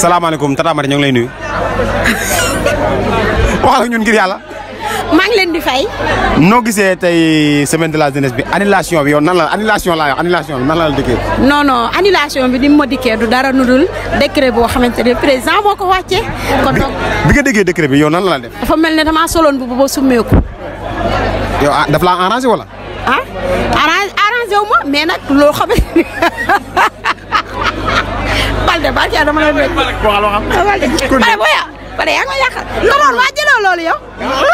assalamualaikum Tata mari ñu ngi lay nuyu. waxal ñun ngir yalla ma ngi len di fay. no gisé tay semaine de la jeunesse bi annulation bi yow nan la annulation la wax annulation nan la la non non annulation bi ni mo ma du dara nudul décret bo xamanteni président boko waccé kon donc bi nga déggee décret bi yow nan la def. dafa melni dama solon soloon bu ba summeeku. yow ah daf laa arrangé wala. ah arrangé arrangé wu ma mais nak lo xamé man de barke dama leen wécc. waxal waxal. waxal de. kon de waaye booy yaa. ba de yaa ngi ma yàqal. loolu yow.